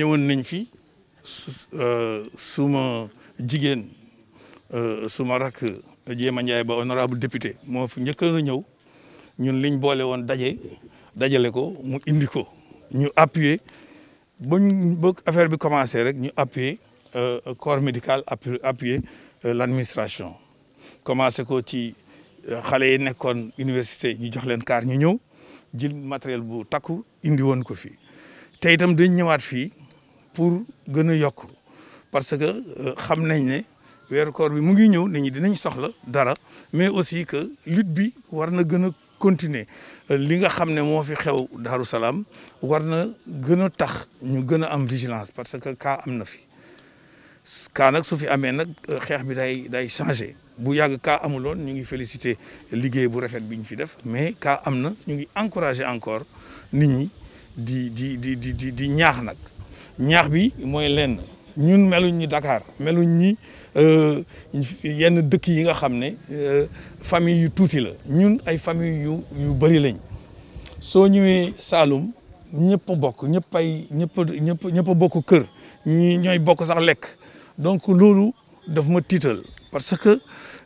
ñëwoon nañ fi euh, suma jigéen euh, suma rakk Jéema Ndiaye ba honorable député moo fu njëkkoon a ñëw ñun liñ boole woon daje dajale ko mu indi ko ñu appuyer bañ ba affaire bi commencé rek ñu appuyer euh, corps médical appuyer l'administration commencé ko ci xale yi nekkoon université ñu jox leen kaar ñu ñëw jël matériel bu takku indi woon ko fii te itam dañ ñëwaat fii pour gën a yokku parce que euh, xam nañ ne weeru koor bi mu ngi ñëw nit ñi dinañ soxla dara mais aussi que lutte bi war na gën a continuer euh, li nga xam ne moo fi xew Daaru Salaam war na gën a tax ñu gën a am vigilance parce que cas am na fi cas nag su fi amee nag euh, xeex bi day day changé bu yàgg cas amuloon ñu ngi félicité liggéey bu rafet bi ñu fi def mais cas am na ñu ngi encouragé encore nit ñi di di di di di ñaax nag ñaax bi mooy lenn ñun meluñ ñi Dakar meluñ ñi euh, yenn dëkk yi nga xam ne euh, famille yu tuuti la ñun ay famille yu yu bëri lañ soo ñëwee Saalum ñëpp bokk ñëpp ay ñëpp ñëpp ñëpp bokk kër ñi ñooy bokk sax lekk donc loolu daf ma tiital parce que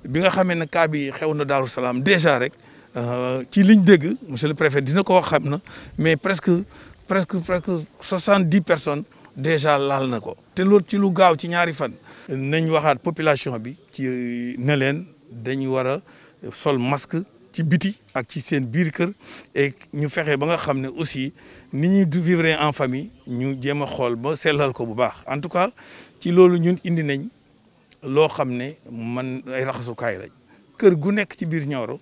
bi nga xamee ne cas bi xew na Daaru Salaam déjà rek euh, ci liñ dégg monsieur le préfet dina ko wax xam na mais presque presque presque soixante-dix personnes déjà laal na ko te loolu ci lu gaaw ci ñaari fan. nañ waxaat population bi ci ne leen dañu war a sol masque ci biti ak ci seen biir kër et ñu fexe ba nga xam ne aussi ni ñuy du vivre en famille ñu jéem a xool ba sellal ko bu baax en tout cas ci loolu ñun indi nañ loo xam ne man ay raxasukaay rek kër gu nekk ci biir Nioro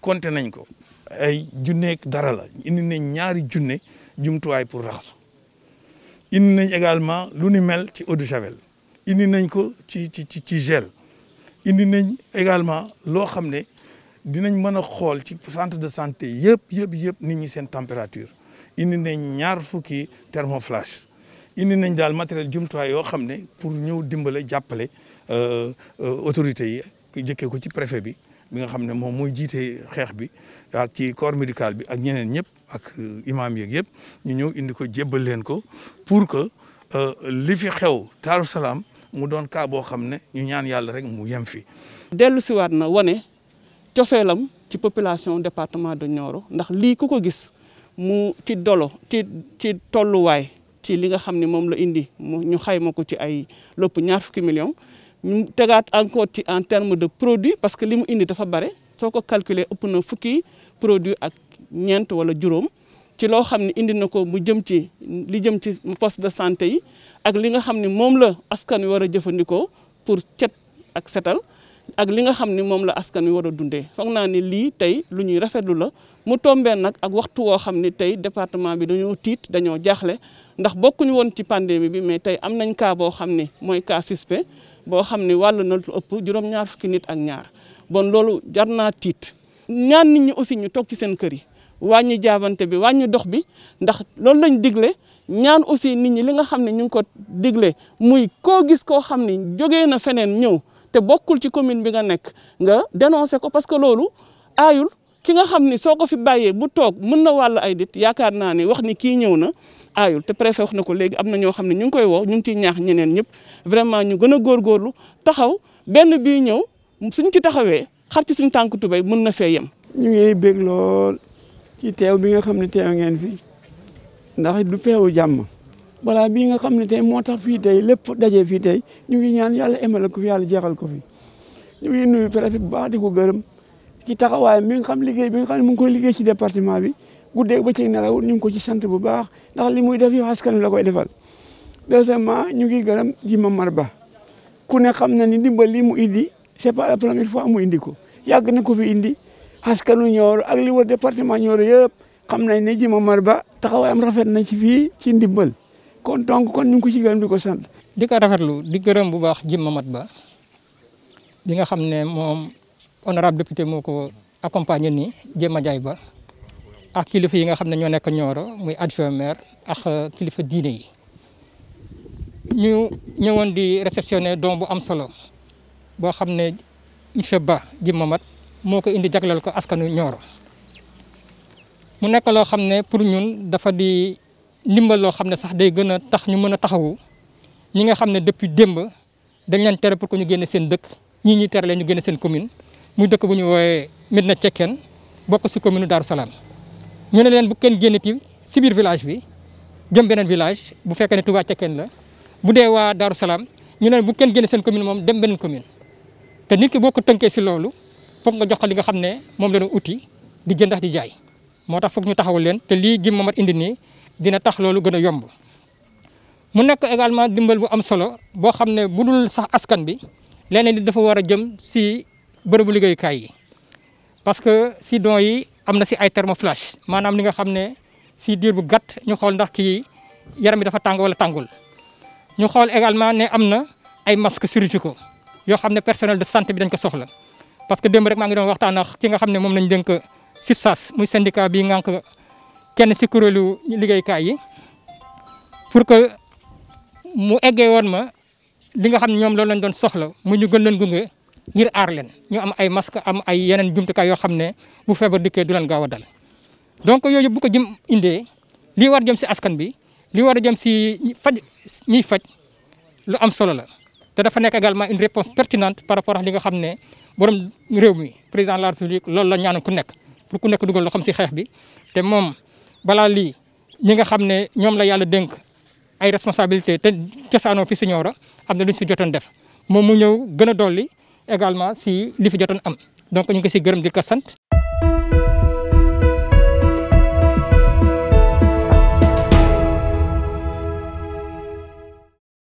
konte nañ ko ay junneeg dara la indi nañ ñaari junne jumtuwaay pour raxasu. indi nañ également lu ni mel ci eau de javel indi nañ ko ci ci ci gel indi nañ également loo xam ne dinañ mën a xool ci centre de santé yëpp yëpp yëpp nit ñi seen température indi nañ ñaar fukki thermoflash indi nañ daal matériel jumtuwaay yoo xam ne pour ñëw dimbale jàppale euh, euh, autorité yi jëkkee ko ci préfet bi mi nga xam ne moom mooy jiite xeex bi ak ci corps médical bi ak ñeneen ñëpp ak euh, imaam yeeg yëpp ñu ñëw indi ko jébbal leen ko pour que euh, li fi xew Daaru mu doon cas boo xam ne ñu ñaan yàlla rek mu yem fi. dellu siwaat na wane cofeelam ci population département de Nioro ndax lii ku ko gis mu ci dolo ci ci tolluwaay ci li nga xam ne moom la indi mu ñu xayma ko ci ay lopp ñaar fukki million ñu tegaat encore ci en terme de produit parce que li mu indi dafa bare soo ko calculer ëpp na fukki produit ak ñeent wala juróom ci loo xam ne indi na ko mu jëm ci li jëm ci poste de santé yi ak li nga xam ne moom la askan wi war a jëfandikoo pour cet ak setal ak li nga xam ne moom la askan wi war a dundee foog naa ni lii tey lu ñuy rafetlu la mu tombee nag ak waxtu woo xam ne tey département bi dañoo tiit dañoo jaaxle ndax bokkuñu woon ci pandémie bi mais tey am nañ cas boo xam ne mooy cas suspect boo xam ne wàll na lu ëpp juróom-ñaar fukki nit ak ñaar bon loolu jar naa tiit ñaan nit ñi aussi ñu toog ci seen kër yi wàññi jaabante bi wàññi dox bi ndax loolu lañ digle ñaan aussi nit ñi li nga xam ne ñu ngi ko digle muy koo gis koo xam ne jóge na feneen ñëw te bokkul ci commune bi nga nekk nga dénoncé ko parce que loolu ayul ki nga xam ne soo ko fi bàyyee bu toog mën na wàll ay dit yaakaar naa ne wax ni kii ñëw na aayul te préfet wax na ko léegi am na ñoo xam ne ñu ngi koy woo ñu ngi ciy ñaax ñeneen ñëpp vraiment ñu gën a góorgóorlu taxaw benn bii ñëw suñ ci taxawee xar ci suñ tànk tubéy mën na fee yem. ñu ngi bég lool ci teew bi nga xam ne teew ngeen fi ndax du peewu jàmm balaa bii nga xam ne tey moo tax fii tey lépp daje fii tey ñu ngi ñaan yàlla emale ko fi yàlla jeexal ko fi ñu ngi nuyu préfet bu baax di ko gërëm ci taxawaay mi nga xam liggéey bi nga xam ne mu ngi koy liggéey ci département bi. guddee ba ci nelaw ñu ko ci sante bu baax ndax li muy def yow askan la koy defal deuxièmement ñu ngi gërëm di ma marba ku ne xam na ni dimba li mu indi c'est pas la première fois mu indi ko yag na ko fi indi askanu ñor ak li wa département ñor yëpp xam nañ ne ma marba taxaw am rafet na ci fi ci dimbal kon donc kon ñu ko ci di sante di ko rafetlu di gërëm bu baax ji Mamar Ba di nga xam ne moom honorable député moo ko accompagné Ba ak kilifa yi nga xamne ño nek ñoro muy adjoint maire ak euh, kilifa diine yi ñu ñewon di réceptionner dom bu am solo bo xamne ne monsieur Ba di Mamat moko indi jaglal ko askanu ñoro mu nek lo xamne pour ñun dafa di nimbal lo xamne sax day gëna a tax ñu mëna taxawu ñi nga xamne depuis demb dañ leen téré pour ko ñu génne seen dëkk ñi ñi téré leen ñu génne seen commune muy dëkk bu ñu woyé Medina tiekene bokku ci commune Darou salam ñu ne leen bu kenn génnati si biir village bi jëm beneen village bu fekkee ne Touba kenn la bu dee waa daru Salaam ñu ne bu kenn génne seen commune moom dem beneen commune te nit ki boo ko tënkee si loolu foog nga joxal li nga xam ne moom la ñu uti di jënd di jaay moo tax foog ñu taxawal leen te lii gi mamat indi nii dina tax loolu gën a yomb mu nekk également dimbal bu am solo boo xam ne bu dul sax askan bi leneen li dafa war a jëm si bërëbu liggéeyukaay yi parce que si don yi am na si ay thermoflash maanaam li nga xam ne si diir bu gàtt ñu xool ndax kii yaram bi dafa tàng wala tàngool ñu xool également ne am na ay masques ko yoo xam ne personnel de santé bi dañ ko soxla parce que dem rek maa ngi doon waxtaan nax ki nga xam ne moom lañ dénk SUTSAS muy syndicat bi ngànk kenn si kuréelu liggéeykaay yi pour que mu eggee woon ma li nga xam ne ñoom lool lañ doon soxla mu ñu gën leen gunge. ngir Arlen, len ñu am ay masque am ay yenen jumtu kay yo xamne bu feebar dikkee du leen gawa dal donc yoyu bu ko jëm indee li war jëm si askan bi li war jëm si faj ñi faj lu am solo la te dafa nek également une réponse pertinente par rapport à li nga xamne borom réew mi président la république loolu la ñaan ku nek pour ku nek duggal xam si xex bi te mom bala li ñi nga xamne ñom la yalla dénk ay responsabilité te cosaanoo fi señora amna am na jotone def mom mu ñew gëna doli également si li fi jotoon am donc ñu ngi ko si gërëm di ko sant